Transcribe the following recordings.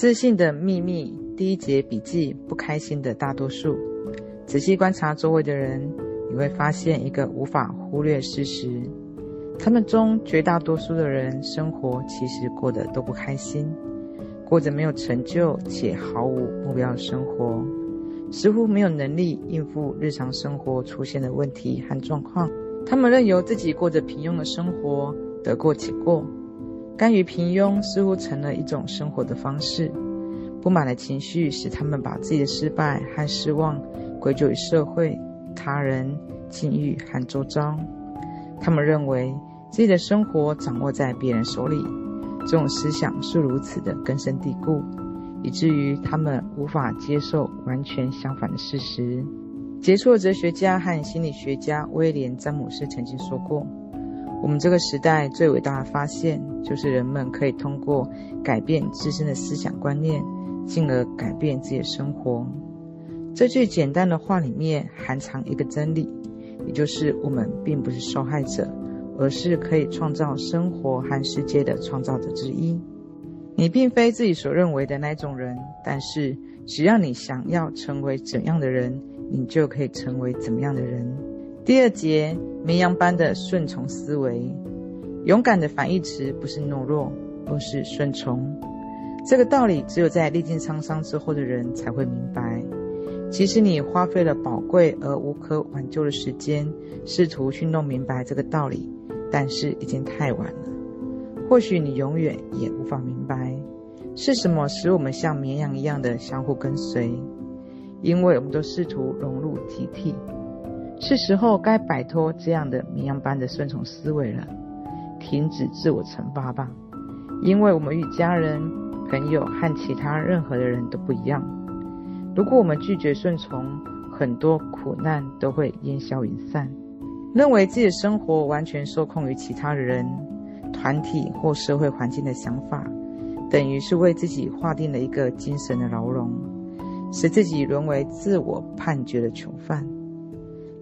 自信的秘密第一節筆記：不開心的大多數。仔細觀察周圍的人，你會發現一個無法忽略事實：他們中絕大多數的人，生活其實過得都不開心，過着沒有成就且毫無目標的生活，似乎沒有能力應付日常生活出現的問題和狀況。他們任由自己過着平庸的生活，得過且過。甘於平庸似乎成了一種生活的方式，不滿的情緒使他們把自己的失敗和失望歸咎於社會、他人、境遇和周遭。他們認為自己的生活掌握在別人手裡，這種思想是如此的根深蒂固，以至於他們無法接受完全相反的事實。傑出的哲學家和心理學家威廉·詹姆斯曾經說過。我們這個時代最偉大的發現，就是人們可以通過改變自身的思想觀念，進而改變自己的生活。這句簡單的話裡面含藏一個真理，也就是我們並不是受害者，而是可以創造生活和世界的創造者之一。你並非自己所認為的那種人，但是只要你想要成為怎樣的人，你就可以成為怎麼樣的人。第二節，綿羊般的順從思維，勇敢的反義詞不是懦弱，而是順從。這個道理只有在歷盡滄桑之後的人才會明白。其實你花費了寶貴而無可挽救的時間，試圖去弄明白這個道理，但是已經太晚了。或許你永遠也無法明白，是什麼使我們像綿羊一樣的相互跟隨，因為我們都試圖融入集體、體。是時候該擺脫這樣的綿羊般的順從思維了，停止自我懲罰吧，因為我們與家人、朋友和其他任何的人都不一樣。如果我們拒絕順從，很多苦難都會煙消雲散。認為自己的生活完全受控於其他人、團體或社會環境的想法，等於是為自己劃定了一個精神的牢籠，使自己淪為自我判決的囚犯。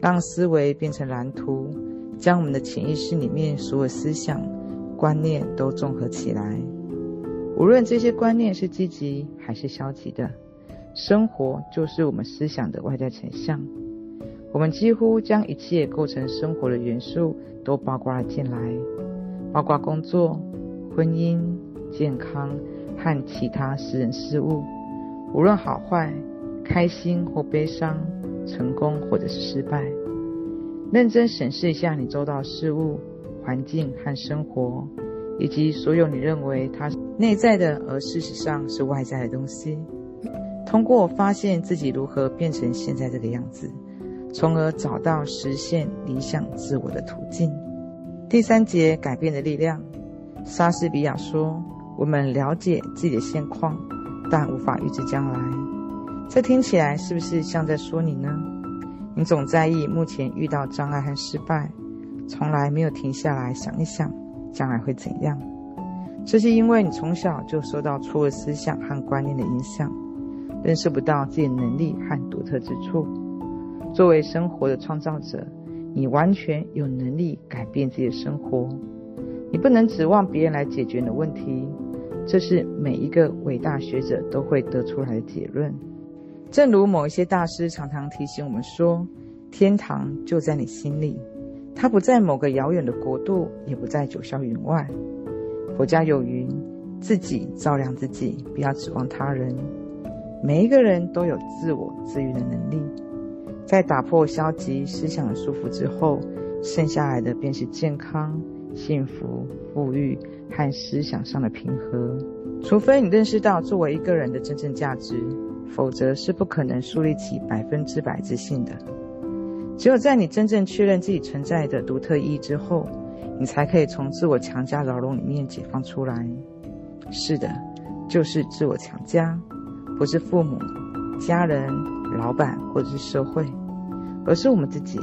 讓思維變成藍圖，將我們的潛意識裡面所有思想、觀念都綜合起來。無論這些觀念是積極還是消極的，生活就是我們思想的外在成像。我們幾乎將一切構成生活的元素都包括了進來，包括工作、婚姻、健康和其他私人事物，無論好壞、開心或悲傷。成功或者是失敗，認真審視一下你周遭的事物、環境和生活，以及所有你認為它內在的，而事實上是外在的東西，通過發現自己如何變成現在這個樣子，從而找到實現理想自我的途徑。第三節，改變的力量。莎士比亞說：“我們了解自己的現況，但無法預知將來。”這聽起來是不是像在說你呢？你總在意目前遇到障礙和失敗，從來沒有停下來想一想將來會怎樣。這是因為你從小就受到錯誤思想和觀念的影響，認識不到自己的能力和獨特之處。作為生活的創造者，你完全有能力改變自己的生活。你不能指望別人來解決你的問題，這是每一個偉大學者都會得出來的結論。正如某一些大師常常提醒我們說：“天堂就在你心裡，它不在某個遙遠的國度，也不在九霄雲外。”佛家有云：“自己照亮自己，不要指望他人。”每一個人都有自我自癒的能力。在打破消極思想的束縛之後，剩下來的便是健康、幸福、富裕和思想上的平和。除非你認識到作為一個人的真正價值。否則是不可能樹立起百分之百自信的。只有在你真正確認自己存在的獨特意義之後，你才可以從自我強加牢籠裡面解放出來。是的，就是自我強加，不是父母、家人、老闆或者是社會，而是我們自己。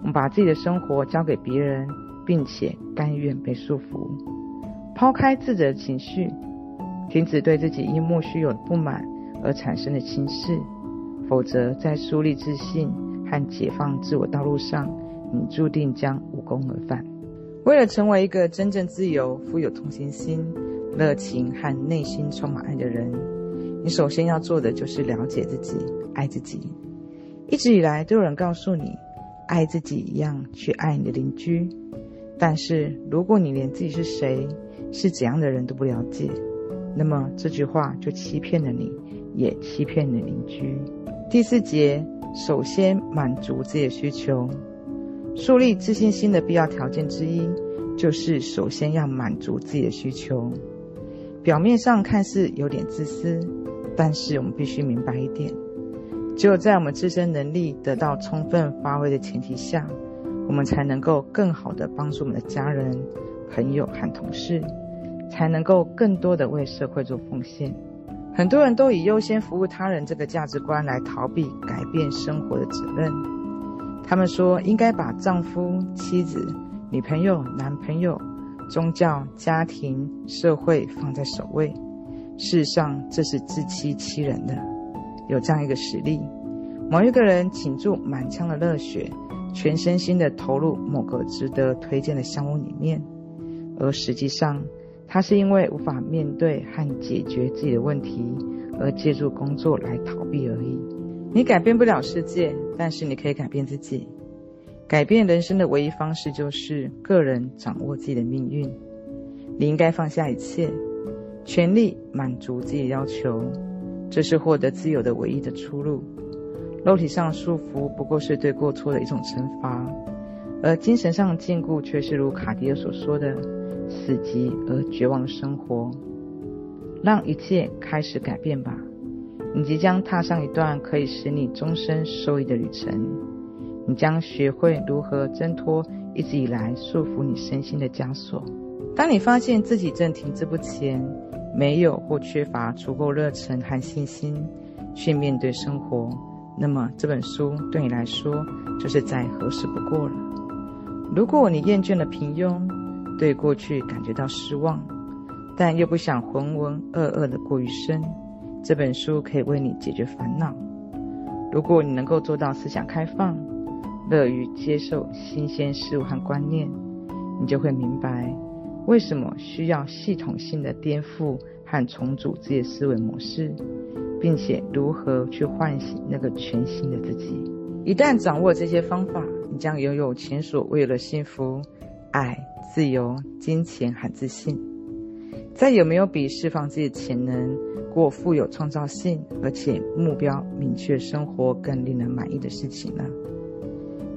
我們把自己的生活交給別人，並且甘願被束縛。拋開自責的情緒，停止對自己因莫須有的不滿，而產生的輕視，否則在樹立自信和解放自我道路上，你注定將無功而返。為了成為一個真正自由、富有同情心、熱情和內心充滿愛的人，你首先要做的就是了解自己、愛自己。一直以來，都有人告訴你，愛自己一樣去愛你的鄰居。但是，如果你連自己是誰、是怎樣的人都不了解，那麼這句話就欺騙了你。也欺騙你的鄰居。第四節，首先滿足自己的需求，樹立自信心的必要條件之一，就是首先要滿足自己的需求。表面上看似有點自私，但是我們必須明白一點：只有在我們自身能力得到充分發揮的前提下，我們才能夠更好的幫助我們的家人、朋友和同事，才能夠更多的為社會做奉獻。很多人都以優先服務他人這個價值觀來逃避改變生活的責任。他們說應該把丈夫、妻子、女朋友、男朋友、宗教、家庭、社會放在首位。事實上這是自欺欺人的。有這樣一個實例：某一個人傾注滿腔的熱血，全身心地投入某個值得推薦的項目裡面，而實際上，他是因為無法面對和解決自己的問題，而借助工作來逃避而已。你改變不了世界，但是你可以改變自己。改變人生的唯一方式就是個人掌握自己的命運。你應該放下一切，全力滿足自己的要求，這是獲得自由的唯一的出路。肉體上的束縛不過是對過錯的一種懲罰，而精神上的禁錮卻是如卡迪爾所說的。死寂而絕望的生活，讓一切開始改變吧！你即將踏上一段可以使你終身受益的旅程。你將學會如何掙脫一直以來束縛你身心的枷鎖。當你發現自己正停滯不前，沒有或缺乏足夠熱忱和信心去面對生活，那麼這本書對你來說就是再合適不過了。如果你厭倦了平庸，對過去感覺到失望，但又不想渾渾噩噩地過餘生，這本書可以為你解決煩惱。如果你能夠做到思想開放，樂於接受新鮮事物和觀念，你就會明白為什麼需要系統性的顛覆和重組這些思維模式，並且如何去喚醒那個全新的自己。一旦掌握這些方法，你將擁有前所未有的幸福。愛、自由、金錢和自信，再有沒有比釋放自己的潛能、過富有創造性而且目標明確生活更令人滿意的事情呢？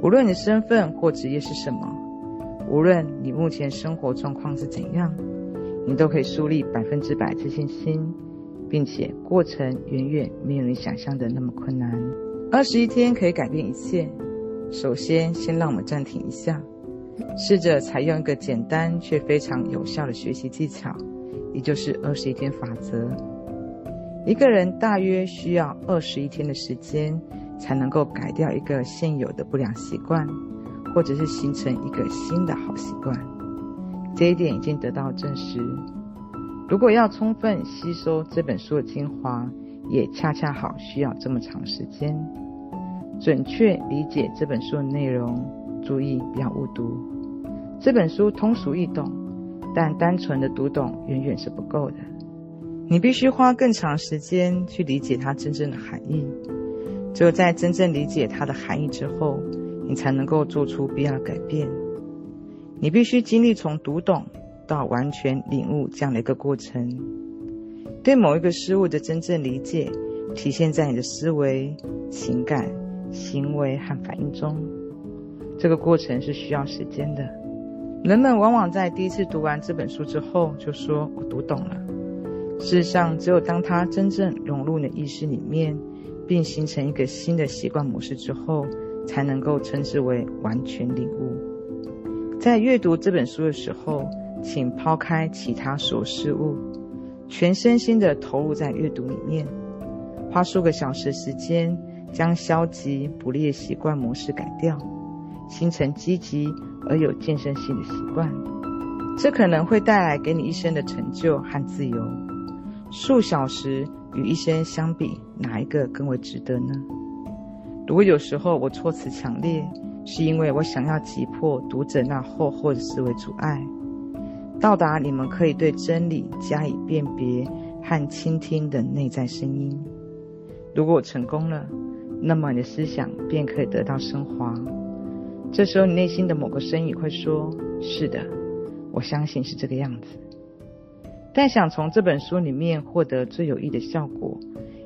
無論你的身份或職業是什麼，無論你目前生活狀況是怎樣，你都可以樹立百分之百自信心，並且過程遠遠沒有你想象的那麼困難。二十一天可以改變一切。首先，先讓我們暫停一下。試着採用一個簡單卻非常有效的學習技巧，也就是二十一天法則。一個人大約需要二十一天的時間，才能夠改掉一個現有的不良習慣，或者是形成一個新的好習慣。這一點已經得到證實。如果要充分吸收這本書的精華，也恰恰好需要這麼長時間。準確理解這本書的內容。注意，不要誤讀。這本書通俗易懂，但單純的讀懂遠遠是不夠的。你必須花更長時間去理解它真正的含義。只有在真正理解它的含義之後，你才能夠做出必要的改變。你必須經歷從讀懂到完全領悟這樣的一個過程。對某一個事物的真正理解，體現在你的思維、情感、行為和反應中。這個過程是需要時間的。人們往往在第一次讀完這本書之後就說“我讀懂了”，事實上，只有當它真正融入你的意識裡面，並形成一個新的習慣模式之後，才能夠稱之為完全領悟。在閱讀這本書的時候，請拋開其他所有事物，全身心地投入在閱讀裡面，花數個小時時間將消極不利習慣模式改掉。形成積極而有建設性的習慣，這可能會帶來給你一生的成就和自由。數小時與一生相比，哪一個更為值得呢？如果有時候我措辭強烈，是因為我想要擊破讀者那厚厚的思維阻礙，到達你們可以對真理加以辨別和傾聽的內在聲音。如果我成功了，那麼你的思想便可以得到升華。這時候，你內心的某個聲音會說：“是的，我相信是這個樣子。”但想從這本書裡面獲得最有益的效果，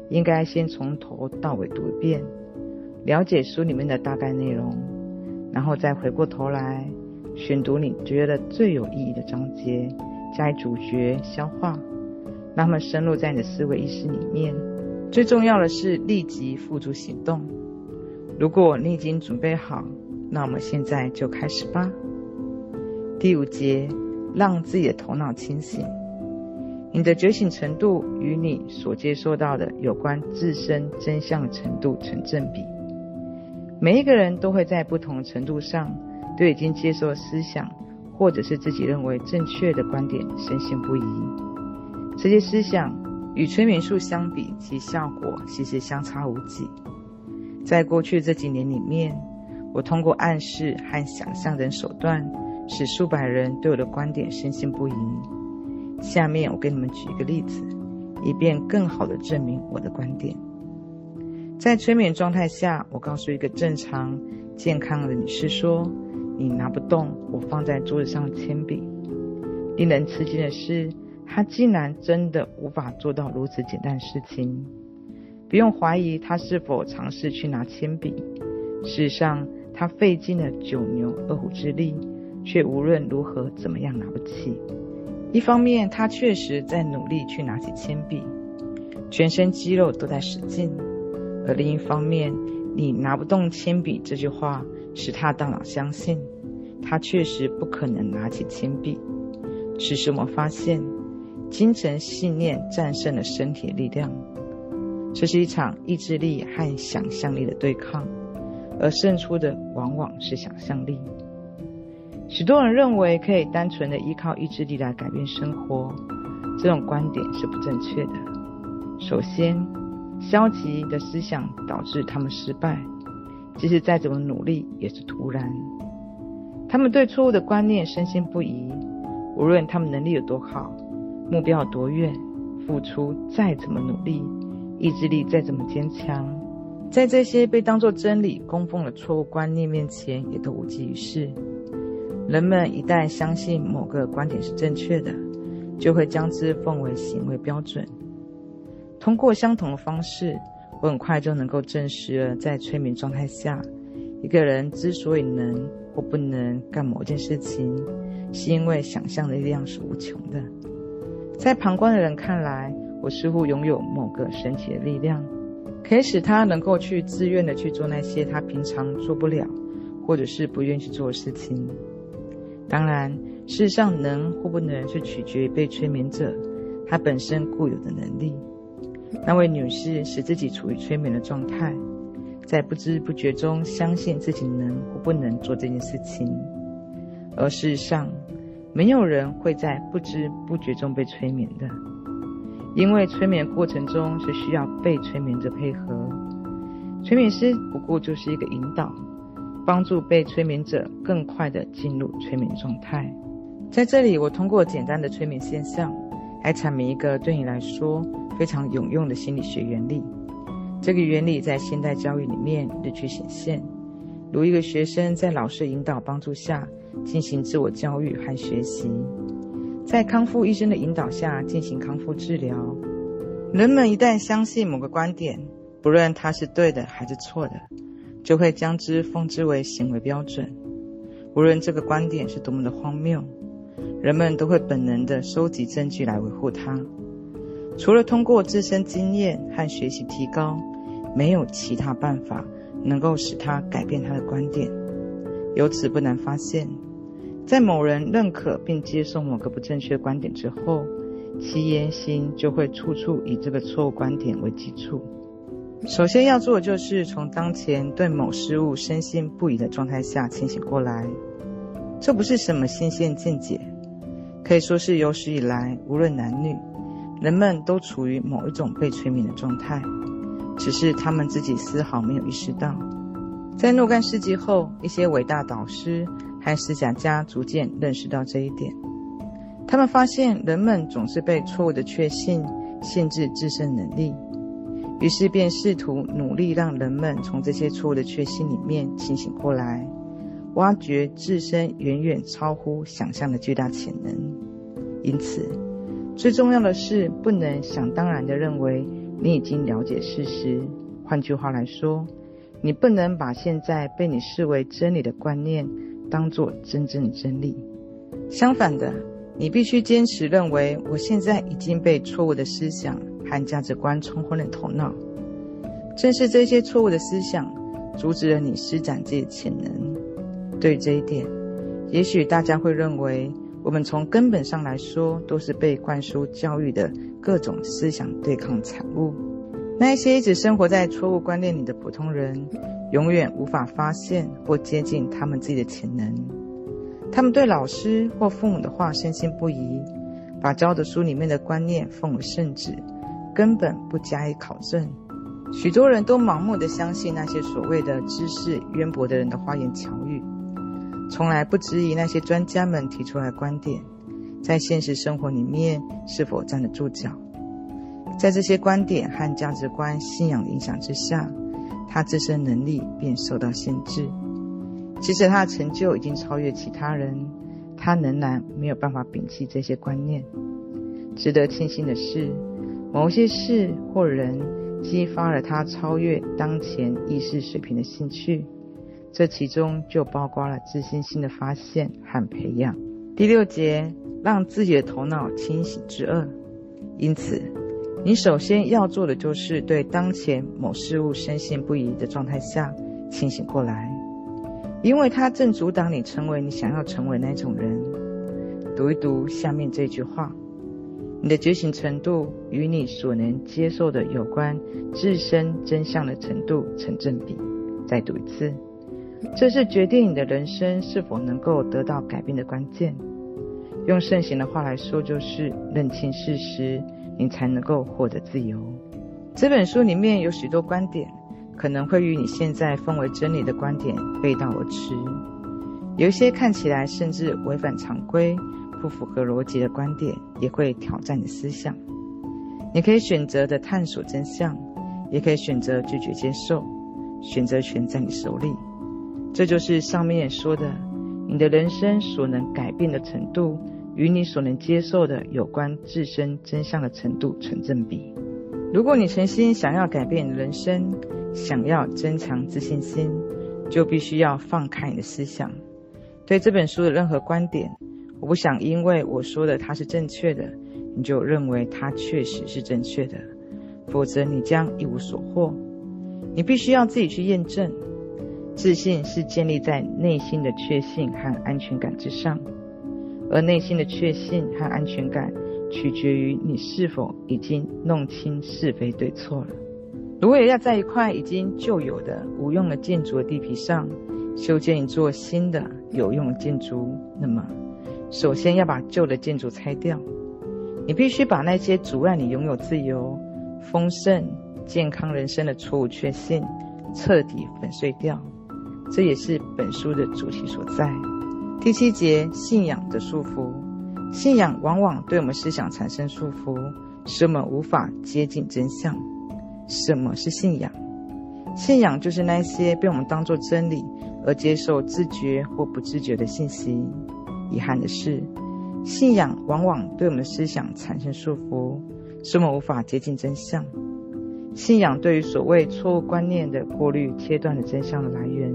應該先從頭到尾讀一遍，了解書裡面的大概內容，然後再回過頭來選讀你覺得最有意義的章節，加以咀嚼消化，慢慢深入在你的思維意識裡面。最重要的是立即付諸行動。如果你已經準備好。那我們現在就開始吧。第五節，讓自己的頭腦清醒。你的覺醒程度與你所接受到的有關自身真相程度成正比。每一個人都會在不同程度上，對已經接受思想，或者是自己認為正確的觀點，深信不疑。這些思想與催眠術相比，其效果其實相差無幾。在過去這幾年裡面。我通過暗示和想象等手段，使數百人對我的觀點深信不疑。下面我給你們舉一個例子，以便更好的證明我的觀點。在催眠狀態下，我告訴一個正常健康的女士說：“你拿不動我放在桌子上的鉛筆。”令人吃驚的是，她竟然真的無法做到如此簡單的事情。不用懷疑她是否嘗試去拿鉛筆。事實上，他費盡了九牛二虎之力，卻無論如何怎麼樣拿不起。一方面，他確實在努力去拿起鉛筆，全身肌肉都在使勁；而另一方面，你拿不動鉛筆這句話使他大腦相信，他確實不可能拿起鉛筆。此時，我們發現，精神信念戰勝了身體力量。這是一場意志力和想象力的對抗。而勝出的往往是想象力。許多人認為可以單純的依靠意志力來改變生活，這種觀點是不正確的。首先，消極的思想導致他們失敗，即使再怎麼努力也是徒然。他們對錯誤的觀念深信不疑，無論他們能力有多好，目標有多遠，付出再怎麼努力，意志力再怎麼堅強，在這些被當作真理供奉的錯誤觀念面前，也都無濟於事。人們一旦相信某個觀點是正確的，就會將之奉為行為標準。通過相同的方式，我很快就能夠證實了，在催眠狀態下，一個人之所以能或不能幹某件事情，是因為想象的力量是無窮的。在旁觀的人看來，我似乎擁有某個神奇的力量。可以使他能夠去自願的去做那些他平常做不了，或者是不願意去做的事情。當然，事實上能或不能，是取決於被催眠者他本身固有的能力。那位女士使自己處於催眠的狀態，在不知不覺中相信自己能或不能做這件事情。而事實上，沒有人會在不知不覺中被催眠的。因為催眠過程中是需要被催眠者配合，催眠師不過就是一個引導，幫助被催眠者更快地進入催眠狀態。在這裡，我通過簡單的催眠現象，來闡明一個對你來說非常有用的心理學原理。這個原理在現代教育裡面日趨顯現，如一個學生在老師引導幫助下進行自我教育和學習。在康復醫生的引導下進行康復治療。人們一旦相信某個觀點，不論它是對的還是錯的，就會將之奉之為行為標準。無論這個觀點是多麼的荒謬，人們都會本能地收集證據來維護它。除了通過自身經驗和學習提高，沒有其他辦法能夠使他改變他的觀點。由此不難發現。在某人認可並接受某個不正確觀點之後，其言行就會處處以這個錯誤觀點為基礎。首先要做的，就是從當前對某事物深信不疑的狀態下清醒過來。這不是什麼新鮮見解，可以說是有史以來，無論男女，人們都處於某一種被催眠的狀態，只是他們自己絲毫沒有意識到。在若干世紀後，一些偉大導師。開始，思想家逐漸認識到這一點。他們發現，人們總是被錯誤的確信限制自身能力，於是便試圖努力讓人們從這些錯誤的確信裡面清醒過來，挖掘自身遠遠超乎想象的巨大潛能。因此，最重要的是不能想當然地認為你已經了解事實。換句話來說，你不能把現在被你視為真理的觀念。當做真正的真理。相反的，你必須堅持認為，我現在已經被錯誤的思想和價值觀沖昏了頭腦。正是這些錯誤的思想，阻止了你施展自己的潛能。對於這一點，也許大家會認為，我們從根本上來說都是被灌輸教育的各種思想對抗產物。那些一直生活在錯誤觀念裡的普通人，永遠無法發現或接近他們自己的潛能。他們對老師或父母的話深信不疑，把教的書裡面的觀念奉為聖旨，根本不加以考證。許多人都盲目的相信那些所謂的知識淵博的人的花言巧語，從來不質疑那些專家們提出來的觀點在現實生活裡面是否站得住腳。在這些觀點和價值觀、信仰的影響之下。他自身能力便受到限制，即使他的成就已經超越其他人，他仍然沒有辦法摒棄這些觀念。值得慶幸的是，某些事或人激發了他超越當前意識水平的興趣，這其中就包括了自信心的發現和培養。第六節，讓自己的頭腦清醒之二，因此，你首先要做的就是對當前某事物深信不疑的狀態下清醒過來，因為它正阻擋你成為你想要成為那種人。讀一讀下面這句話：你的覺醒程度與你所能接受的有關自身真相的程度成正比。再讀一次，這是決定你的人生是否能夠得到改變的關鍵。用聖賢的話來說，就是認清事實。你才能夠獲得自由。這本書裡面有許多觀點，可能會與你現在奉為真理的觀點背道而馳。有一些看起來甚至違反常規、不符合邏輯的觀點，也會挑戰你思想。你可以選擇的探索真相，也可以選擇拒絕接受。選擇權在你手裡。這就是上面說的，你的人生所能改變的程度，與你所能接受的有關自身真相的程度成正比。如果你誠心想要改變你的人生，想要增強自信心，就必須要放開你的思想。對這本書的任何觀點，我不想因為我說的它是正確的，你就認為它確實是正確的，否則你將一無所獲。你必須要自己去驗證。自信是建立在內心的確信和安全感之上。而內心的確信和安全感，取決於你是否已經弄清是非對錯了。如果也要在一塊已經舊有的無用的建築的地皮上，修建一座新的有用的建築，那麼，首先要把舊的建築拆掉。你必須把那些阻礙你擁有自由、豐盛、健康人生的錯誤確信，徹底粉碎掉。這也是本書的主題所在。第七節，信仰的束縛。信仰往往對我們思想產生束縛，使我們無法接近真相。什麼是信仰？信仰就是那些被我們當作真理而接受、自覺或不自覺的信息。遺憾的是，信仰往往對我們的思想產生束縛，使我們無法接近真相。信仰對於所謂錯誤觀念的過濾，切斷了真相的來源，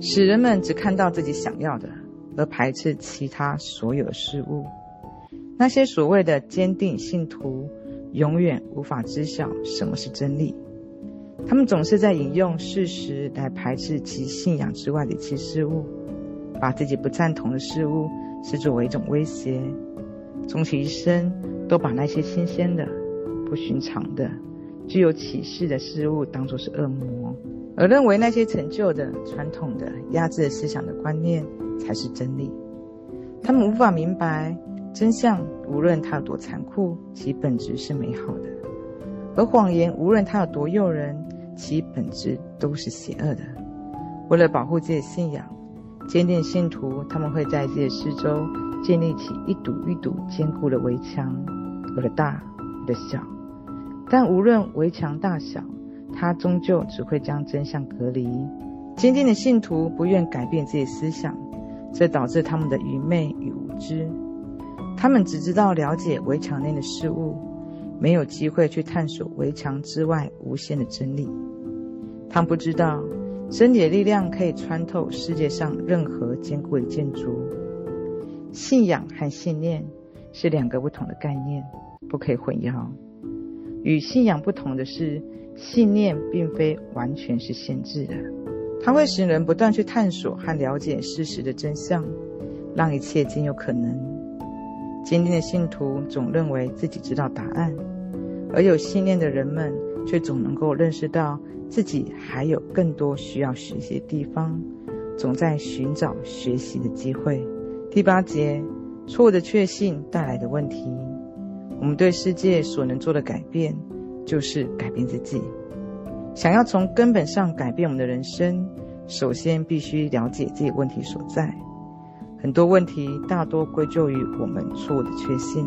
使人們只看到自己想要的。而排斥其他所有的事物。那些所謂的堅定信徒，永遠無法知曉什麼是真理。他們總是在引用事實來排斥其信仰之外的其他事物，把自己不贊同的事物視作為一種威脅，終其一生都把那些新鮮的、不尋常的、具有啟示的事物當作是惡魔，而認為那些陳舊的、傳統的、壓制的思想的觀念。才是真理。他們無法明白，真相無論它有多殘酷，其本質是美好的；而謊言無論它有多誘人，其本質都是邪惡的。為了保護自己的信仰，堅定的信徒，他們會在自己的四周建立起一堵一堵堅固的圍牆，有的大，有的小。但無論圍牆大小，他終究只會將真相隔離。堅定的信徒不願改變自己的思想。這導致他們的愚昧與無知，他們只知道了解圍牆內的事物，沒有機會去探索圍牆之外無限的真理。他們不知道真理的力量可以穿透世界上任何堅固的建築。信仰和信念是兩個不同的概念，不可以混淆。與信仰不同的是，信念並非完全是限制的。它會使人不斷去探索和了解事實的真相，讓一切皆有可能。堅定的信徒總認為自己知道答案，而有信念的人們卻總能夠認識到自己還有更多需要學習的地方，總在尋找學習的機會。第八節，錯誤的確信帶來的問題。我們對世界所能做的改變，就是改變自己。想要從根本上改變我們的人生，首先必須了解自己問題所在。很多問題大多歸咎於我們錯誤的確信。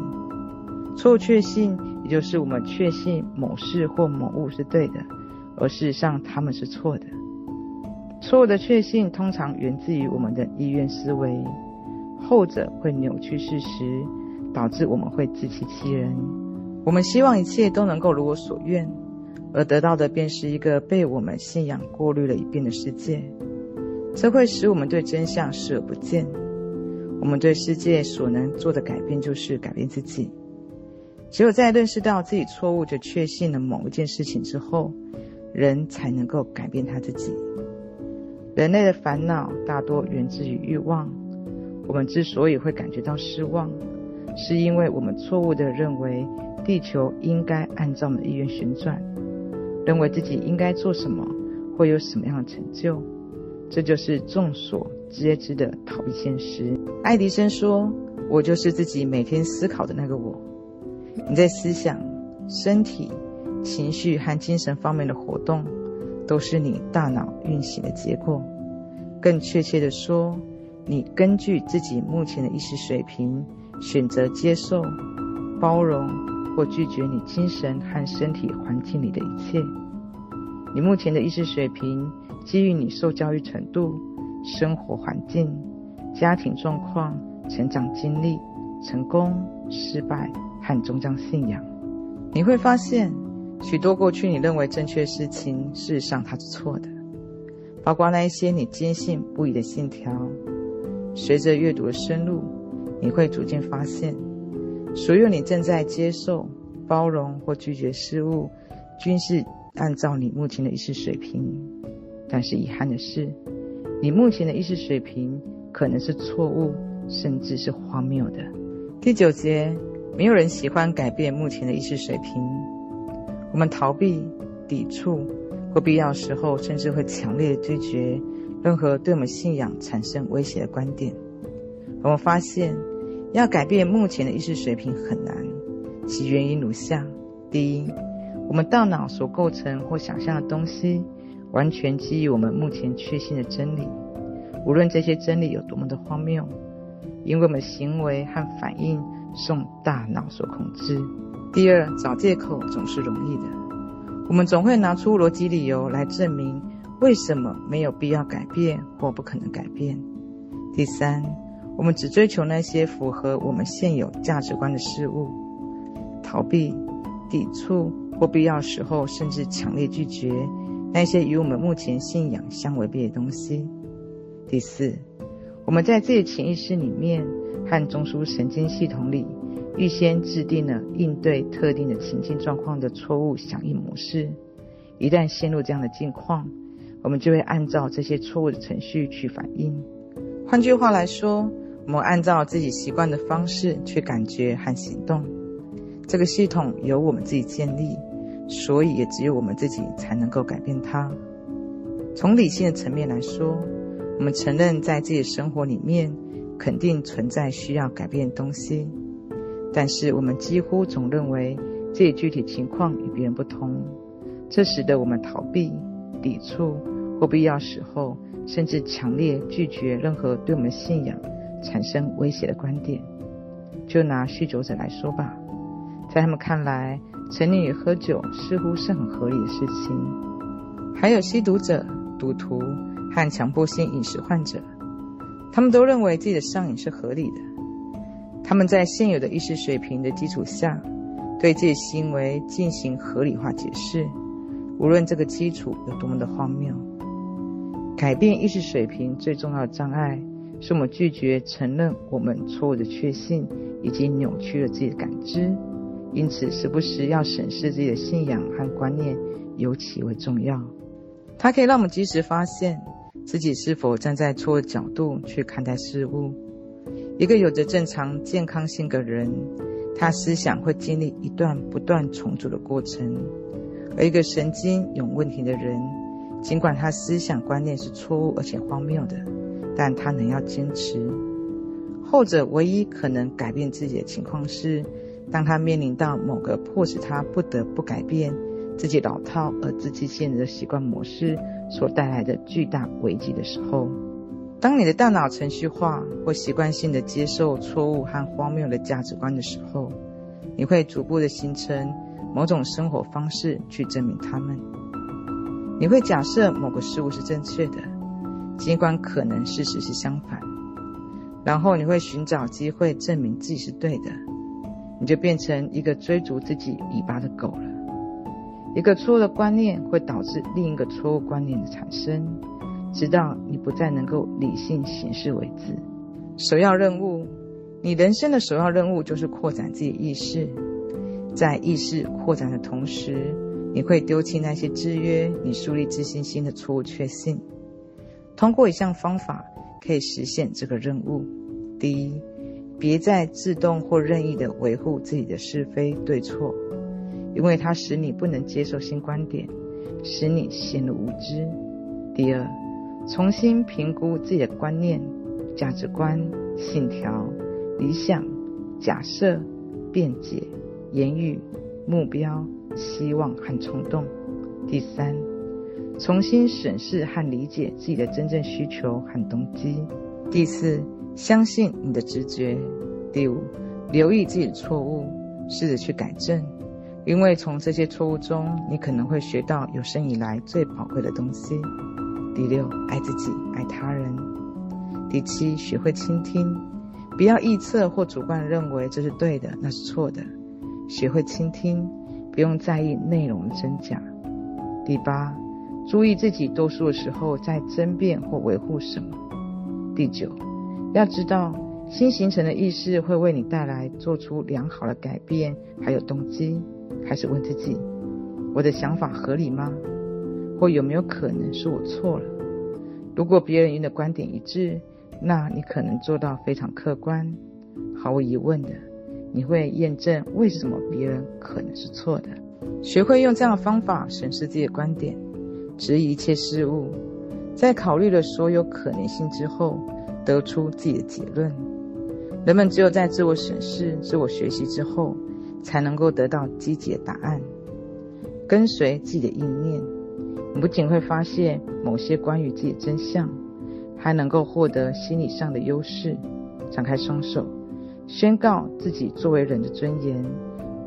錯誤確信，也就是我們確信某事或某物是對的，而事實上它們是錯的。錯誤的確信通常源自於我們的意願思維，後者會扭曲事實，導致我們會自欺欺人。我們希望一切都能夠如我所願。而得到的便是一個被我們信仰過濾了一遍的世界，這會使我們對真相視而不見。我們對世界所能做的改變就是改變自己。只有在認識到自己錯誤的確信了某一件事情之後，人才能夠改變他自己。人類的煩惱大多源自於慾望。我們之所以會感覺到失望，是因為我們錯誤地認為地球應該按照我們的意願旋轉。認為自己應該做什麼，會有什麼樣的成就，這就是眾所皆知的逃避現實。愛迪生說：“我就是自己每天思考的那個我。”你在思想、身體、情緒和精神方面的活動，都是你大腦運行的結果。更確切地說，你根據自己目前的意識水平，選擇接受、包容。或拒絕你精神和身體環境裡的一切。你目前的意識水平基於你受教育程度、生活環境、家庭狀況、成長經歷、成功、失敗和宗教信仰。你會發現，許多過去你認為正確的事情，事實上它是錯的，包括那一些你堅信不疑的信條。隨着閱讀的深入，你會逐漸發現。所有你正在接受、包容或拒絕事物，均是按照你目前的意識水平。但是遺憾的是，你目前的意識水平可能是錯誤，甚至是荒謬的。第九節，沒有人喜歡改變目前的意識水平。我們逃避、抵觸，或必要時候甚至會強烈的拒絕任何對我們信仰產生威脅的觀點。我們發現。要改變目前的意識水平很難，其原因如下：第一，我們大腦所構成或想象的東西，完全基於我們目前確信的真理，無論這些真理有多麼的荒謬，因為我們的行為和反應受大腦所控制。第二，找借口總是容易的，我們總會拿出邏輯理由來證明為什麼沒有必要改變或不可能改變。第三。我們只追求那些符合我們現有價值觀的事物，逃避、抵觸或必要時候甚至強烈拒絕那些與我們目前信仰相違背的東西。第四，我們在自己的潛意識裡面和中樞神經系統裡預先制定了應對特定的情境狀況的錯誤響應模式。一旦陷入這樣的境況，我們就會按照這些錯誤的程序去反應。換句話來說。我們按照自己習慣的方式去感覺和行動，這個系統由我們自己建立，所以也只有我們自己才能夠改變它。從理性的層面來說，我們承認在自己生活裡面肯定存在需要改變的東西，但是我們幾乎總認為自己具體情況與別人不同，這使得我們逃避、抵觸，或必要時候甚至強烈拒絕任何對我們信仰。產生威脅的觀點。就拿酗酒者來說吧，在他們看來，沉溺於喝酒似乎是很合理的事情。還有吸毒者、賭徒和強迫性飲食患者，他們都認為自己的上癮是合理的。他們在現有的意識水平的基礎下，對自己行為進行合理化解釋，無論這個基礎有多麼的荒謬。改變意識水平最重要的障礙。是我們拒絕承認我們錯誤的確信，以及扭曲了自己的感知，因此時不時要審視自己的信仰和觀念，尤其為重要。它可以讓我們及時發現自己是否站在錯誤的角度去看待事物。一個有着正常健康性格的人，他思想會經歷一段不斷重組的過程；而一個神經有問題的人，儘管他思想觀念是錯誤而且荒謬的。但他仍要堅持。後者唯一可能改變自己的情況是，當他面臨到某個迫使他不得不改變自己老套而自欺欺人的習慣模式所帶來的巨大危機的時候。當你的大腦程序化或習慣性的接受錯誤和荒謬的價值觀的時候，你會逐步的形成某種生活方式去證明他們。你會假設某個事物是正確的。儘管可能事實是相反，然後你會尋找機會證明自己是對的，你就變成一個追逐自己尾巴的狗了。一個錯誤的觀念會導致另一個錯誤觀念的產生，直到你不再能夠理性行事為止。首要任務，你人生的首要任務就是擴展自己意識，在意識擴展的同時，你會丟棄那些制約你樹立自信心的錯誤確信。通過一項方法可以實現這個任務：第一，別再自動或任意地維護自己的是非對錯，因為它使你不能接受新觀點，使你顯得無知；第二，重新評估自己的觀念、價值觀、信條、理想、假設、辯解、言語、目標、希望和衝動；第三。重新審視和理解自己的真正需求和動機。第四，相信你的直覺。第五，留意自己的錯誤，試着去改正，因為從這些錯誤中，你可能會學到有生以來最寶貴的東西。第六，愛自己，愛他人。第七，學會傾聽，不要臆測或主觀認為這是對的，那是錯的。學會傾聽，不用在意內容的真假。第八。注意自己多數的時候在爭辯或維護什麼。第九，要知道新形成的意識會為你帶來做出良好的改變，還有動機。開始問自己：我的想法合理嗎？或有沒有可能是我錯了？如果別人與你的觀點一致，那你可能做到非常客觀、毫無疑問的。你會驗證為什麼別人可能是錯的。學會用這樣的方法審視自己的觀點。質疑一切事物，在考慮了所有可能性之後，得出自己的結論。人們只有在自我審視、自我學習之後，才能夠得到積極的答案。跟隨自己的意念，你不僅會發現某些關於自己的真相，還能夠獲得心理上的優勢。敞開雙手，宣告自己作為人的尊嚴，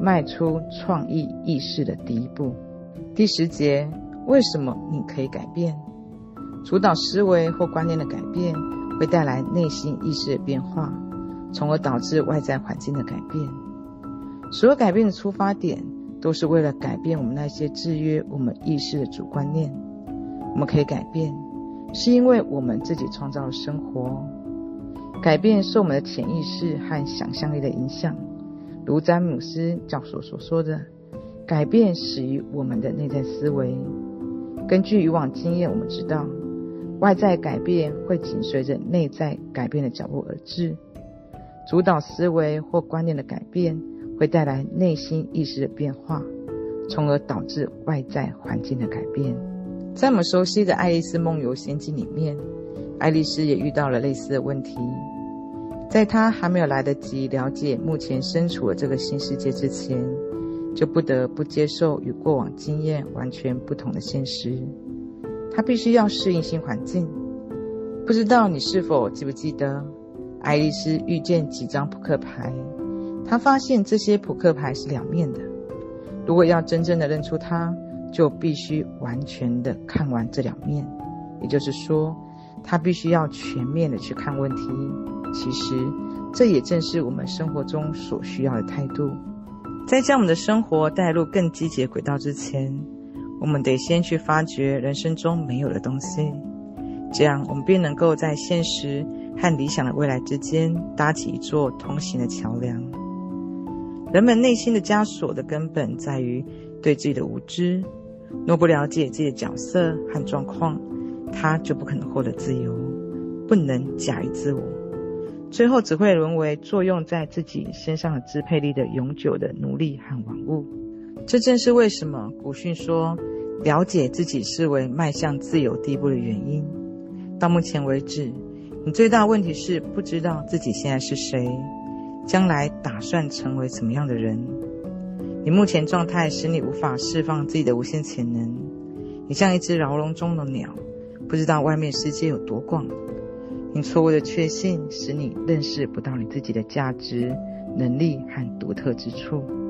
邁出創意意識的第一步。第十節。為什麼你可以改變？主導思維或觀念的改變，會帶來內心意識的變化，從而導致外在環境的改變。所有改變的出發點，都是為了改變我們那些制約我們意識的主觀念。我們可以改變，是因為我們自己創造了生活。改變受我們的潛意識和想象力的影響，如詹姆斯教授所說的：“改變始於我們的內在思維。”根據以往經驗，我們知道，外在改變會緊隨着內在改變的腳步而至。主導思維或觀念的改變，會帶來內心意識的變化，從而導致外在環境的改變。在我們熟悉的《愛麗絲夢遊仙境》裡面，愛麗絲也遇到了類似的問題。在她還沒有來得及了解目前身處的這個新世界之前。就不得不接受與過往經驗完全不同的現實，他必須要適應新環境。不知道你是否記不記得，愛麗絲遇見幾張撲克牌，她發現這些撲克牌是兩面的。如果要真正的認出它，就必須完全的看完這兩面，也就是說，他必須要全面的去看問題。其實，這也正是我們生活中所需要的態度。在將我們的生活帶入更積極的軌道之前，我們得先去發掘人生中沒有的東西，這樣我們便能夠在現實和理想的未來之間搭起一座通行的橋樑。人們內心的枷鎖的根本在於對自己的無知，若不了解自己的角色和狀況，他就不可能獲得自由，不能駕馭自我。最後只會淪為作用在自己身上的支配力的永久的奴隸和玩物。這正是為什麼古訓說，了解自己是為邁向自由第一步的原因。到目前為止，你最大問題是不知道自己現在是誰，將來打算成為什麼樣的人。你目前狀態使你無法釋放自己的無限潛能。你像一隻牢籠中的鳥，不知道外面世界有多廣。你錯誤的確信，使你認識不到你自己的價值、能力和獨特之處。